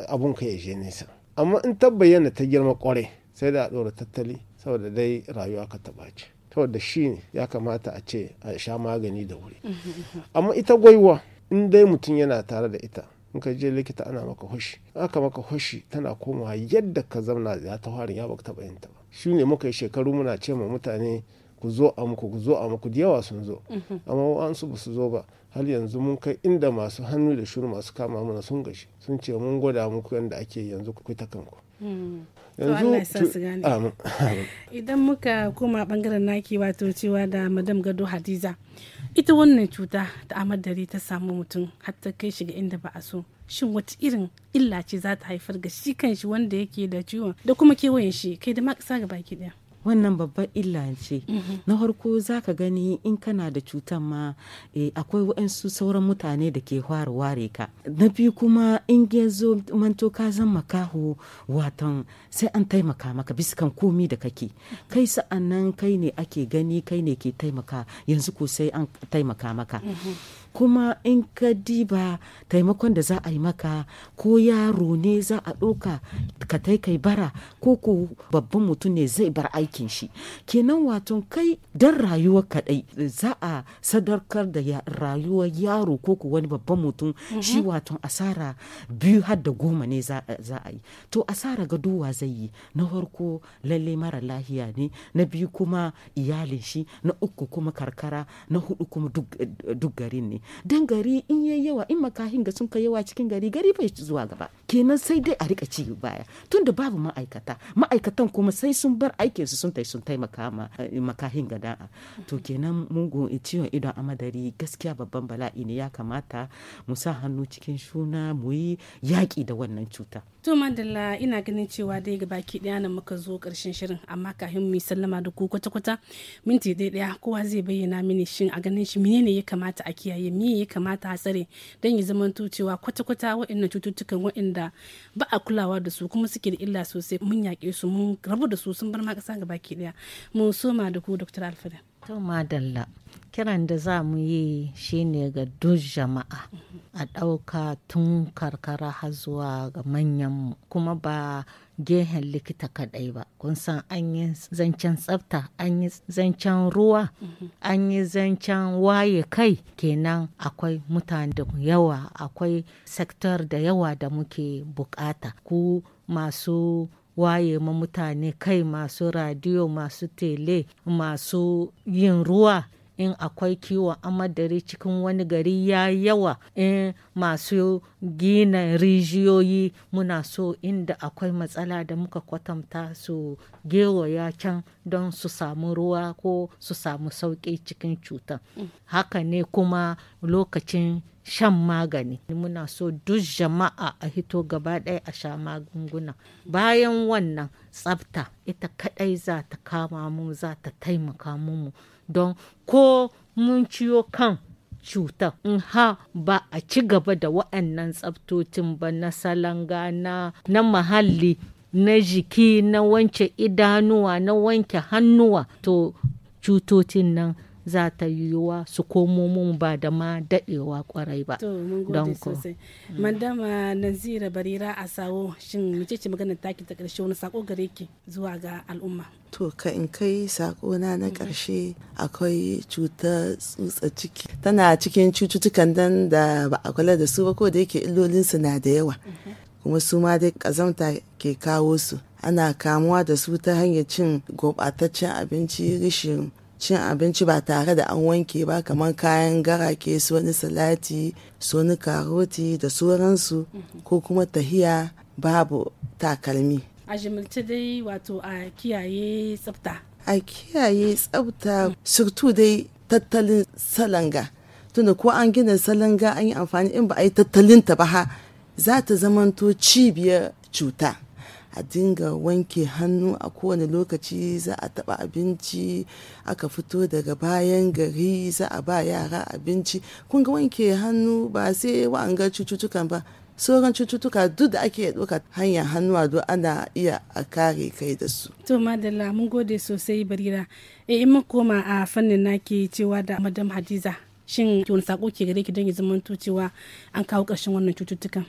Speaker 3: abun ka ya je nesa amma in ta bayyana ta girma kwarai sai da a ɗora tattali saboda dai rayuwa ka taɓa ce saboda shi ne ya kamata a ce a sha magani da wuri mhm. amma ita gwaiwa in dai mutum yana tare da ita in ka je likita ana maka hushi aka maka hushi tana komawa yadda ka zamna ya ta harin ya baka taba yin ba shi ne muka yi shekaru muna ce ma mutane ku zo a muku ku zo a muku da yawa sun zo mhm. amma wa'ansu ba su zo ba har yanzu mun kai inda masu hannu da shuru masu kama mana sun gashi sun ce mun gwada muku yadda ake yanzu ku ta kanku
Speaker 1: hmm. yanzu idan muka koma bangaren naki wato cewa da madam gado hadiza ita wannan cuta ta amadari ta samu mutum har ta kai shiga inda ba a so shin wata irin illa ce za ta haifar ga shi kanshi wanda yake da ciwon da kuma kewayen shi kai da makasa ga baki daya
Speaker 5: wannan babban illa ce mhm. na farko za ka gani in kana da cutan ma eh, akwai waɗansu sauran mutane da ke ware ka na biyu kuma in ya zo manto ka zan makaho watan sai an taimaka maka biskan komi da kake kai sa'an nan kai ne ake gani kai ne ke taimaka yanzu ko sai an taimaka maka mhm. kuma in ka diba taimakon da za a yi maka ko yaro ne za a ɗauka ka tai kai bara ko ko babban mutum ne zai bar aikin shi kenan wato kai dan rayuwar kaɗai za a sadarkar da rayuwar yaro ko ko wani babban mutum mhm. shi wato asara biyu har da goma ne za a yi to asara ga duwa zai yi na farko lalle mara lahiya ne na biyu kuma iyalin shi na uku kuma karkara na hudu kuma duk garin ne dan gari in yayi yawa in makahin ga sun kai yawa cikin gari gari bai zuwa gaba kenan sai dai a rika ci baya da babu ma'aikata ma'aikatan kuma sai sun bar aikin su sun tai sun taimaka ma eh, makahin ga da'a to kenan mugu ciwon idon amadari gaskiya babban bala'i ne ya kamata mu sa hannu cikin shuna mu yi yaƙi da wannan cuta
Speaker 1: to madalla ina ganin cewa dai ga baki daya nan muka zo ƙarshen shirin amma kafin mu sallama da ku kwata-kwata minti daya kowa zai bayyana mini shin a ganin shi menene ya kamata a kiyaye tsare me ya kamata a tsare don ya zama cewa kwata-kwata waɗannan cututtukan waɗanda ba a kulawa da su kuma suke da illa sosai mun yaƙe su mun rabu da su sun bar ma ƙasa gaba ki ɗaya mun soma da ku dr alfred
Speaker 2: to madalla kiran da za mu yi shine ga duk jama'a a ɗauka tun karkara har zuwa ga manyanmu kuma ba gehen likita kaɗai ba kun san an yi zancen tsafta an yi zancen ruwa an yi zancen waye kai kenan akwai mutane yawa akwai sektor da yawa da muke bukata ku masu waye ma mutane kai masu radiyo masu tele masu yin ruwa in akwai kiwon amadari cikin wani gari ya yawa in masu gina rijiyoyi muna so inda akwai matsala da muka kwatanta su gewaya can don su samu ruwa ko su samu sauƙi cikin cutar mm. haka ne kuma lokacin shan magani muna so duk jama'a a hito gaba ɗaya a sha magunguna bayan wannan tsafta ita kaɗai za ta kama mu za ta taimaka mu don ko mun ciyo kan cutar in ha ba a ci gaba da wa'annan tsaftocin ba na salanga na, na mahalli na jiki na wanke idanuwa na wanke hannuwa to cutocin nan za ta yiwuwa su komo mun ba da ma daɗewa kwarai ba. Don
Speaker 1: ko. Mm. Madama Nazira Barira a sawo shin mace ce maganar taki ta ƙarshe wani sako gare ki zuwa ga al'umma.
Speaker 4: To ka in kai sakona na mm-hmm. ƙarshe akwai cutar tsutsa ciki. Tana cikin cututtukan dan da ba a kula da su ba ko da yake illolinsu na da yawa. Mm-hmm. Kuma su ma dai ƙazamta ke kawo su. ana kamuwa da su ta hanyar cin gurɓataccen abinci rashin cin abinci ba tare da an wanke ba kamar kayan garake su wani salati su wani karoti da sauransu mhm. ko kuma tahiya babu takalmi
Speaker 1: a jimilci dai wato a kiyaye tsafta
Speaker 4: a kiyaye tsafta surtu dai tattalin salanga tunda ko an gina salanga an yi amfani in ba a yi ta ba ha za ta zamanto cibiyar cuta a dinga wanke hannu a kowane lokaci za a taba abinci aka fito daga bayan gari za a ba yara abinci kun ga wanke hannu ba sai wa'anga cututtukan ba sauran cututtuka duk da ake ɗauka hanyar hannuwa don ana iya a kare kai da su.
Speaker 1: To madalla mun gode sosai barira. E in makoma a fannin naki cewa da madam Hadiza shin ki wani sako ke gare ki don ya zama cewa an kawo ƙarshen wannan cututtukan.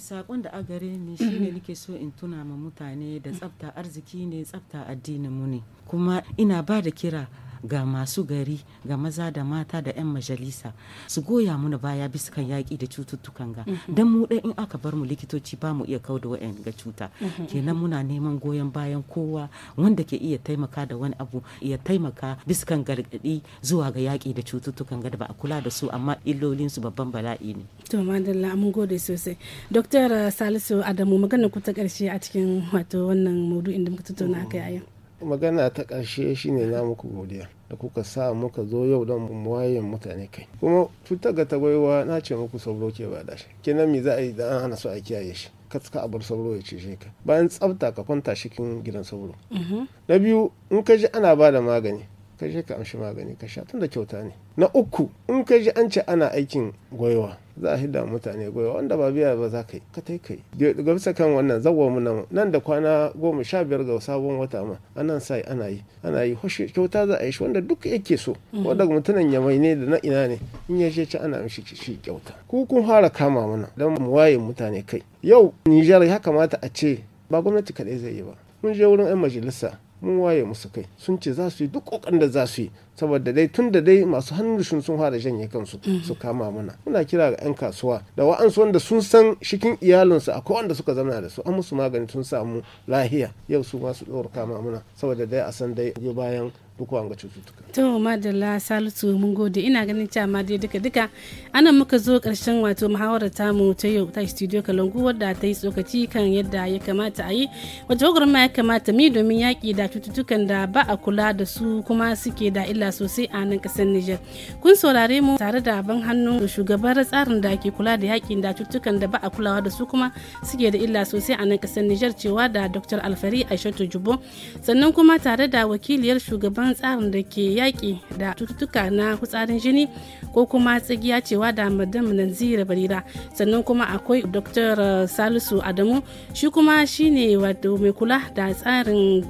Speaker 5: saƙon da a gare ni mhm. ne nake so in tuna ma mutane da tsafta arziki ne tsafta addinin mu ne kuma ina ba da kira ga masu gari ga maza da mata da 'yan majalisa su goya muna baya bisa kan yaƙi da cututtukan ga mhm. Don mu in aka bar mu likitoci ba mu iya kau da wa'yan ga cuta mhm. kenan muna neman goyon bayan kowa wanda ke iya taimaka da wani abu iya taimaka bisa kan gargaɗi zuwa ga yaƙi da cututtukan ga da ba a kula da su amma illolin su babban bala'i ne
Speaker 1: to madalla mun gode sosai dr uh, salisu adamu magana ku ta ƙarshe a cikin wato wannan maudu'in da muka tattauna kai a yau
Speaker 3: magana ta ƙarshe shine na muku godiya da kuka sa muka zo yau don mu mutane kai kuma cutar ga tagwaiwa na ce muku sauro ke ba dashi kenan mi za a yi da an hana su a kiyaye shi ka tsaka abar sauro ya cishe ka bayan tsafta ka kwanta cikin gidan sauro mm-hmm. na biyu in ka ji ana bada magani ka je ka amshi magani ka sha tun da kyauta ne na uku in ka ji an ce ana aikin gwaiwa za a hidda mutane gwaiwa wanda ba biya ba za ka yi ka tai kai ga bisa kan wannan zawo mu nan nan da kwana goma sha biyar ga sabon wata ma anan sai ana yi ana yi hoshe kyauta za a yi shi wanda duk yake so wanda mhm. mutunan ya ne da na ina ne in ya ce ana mishi shi kyauta ku kun fara kama mana don mu waye mutane kai yau Nijar ya kamata a ce ba gwamnati kaɗai zai yi ba mun je wurin 'yan majalisa mun waye musu kai sun ce za su yi duk kokan da za su yi saboda dai tun da dai masu hannu sun sun fara janye kansu mm-hmm. su kama muna muna kira ga 'yan kasuwa da wa'ansu wanda sun san shikin iyalinsu akwai wanda suka zama da su an musu magani sun samu lahiya yau su ma su kama muna saboda dai a san dai bayan duk wanga cututtuka.
Speaker 1: To madalla Salisu mun gode ina ganin cewa ma dai duka duka anan muka zo karshen wato muhawarar mu ta yau ta studio Kalangu wadda ta yi tsokaci kan yadda ya kamata a yi wace gwagwarma ya kamata mi domin yaki da cututtukan da ba a kula da su kuma suke da illa sosai a nan kasar Nijar. Kun saurare mu tare da ban hannu shugabar tsarin da ke kula da yakin da cututtukan da ba a kulawa da su kuma suke da illa sosai a nan kasar Nijar cewa da Dr. Alfari Aishatu Jubo sannan kuma tare da wakiliyar shugaban sabon tsarin da ke yaƙi da cututtuka na kutsarin jini ko kuma tsigiya cewa da madam nanzira barira sannan kuma akwai dr eh, salisu adamu shi kuma shine wato mai kula da tsarin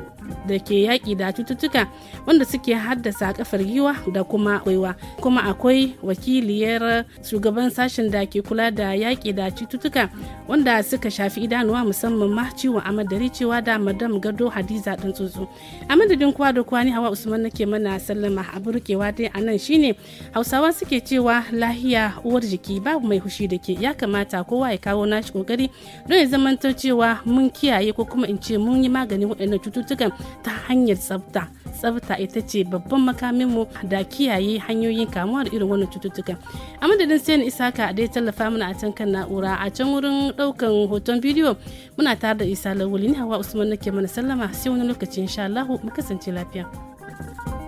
Speaker 1: da ke yaƙi da cututtuka wanda suke haddasa kafar giwa da kuma waiwa kuma akwai wakiliyar shugaban sashen da ke kula da yaƙi da cututtuka wanda suka shafi idanuwa musamman ma ciwon amadari cewa da madam gado hadiza dan tsotso a madadin kowa da kowa ni hawa usman nake mana sallama a burkewa dai a nan shine hausawa suke cewa lahiya uwar jiki babu mai hushi da ke ya kamata kowa ya kawo nashi kokari don ya zamanto cewa mun kiyaye ko kuma in ce mun yi maganin waɗannan cututtukan ta hanyar tsafta tsafta ita ce babban makamin mu da kiyaye hanyoyin kamuwa da irin wannan cututtuka a madadin sayan isaka da ya tallafa mana a can kan na'ura a can wurin daukan hoton bidiyo muna tare da isa lawuli ni hawa usman nake mana sallama sai wani lokaci insha Allah mu kasance lafiya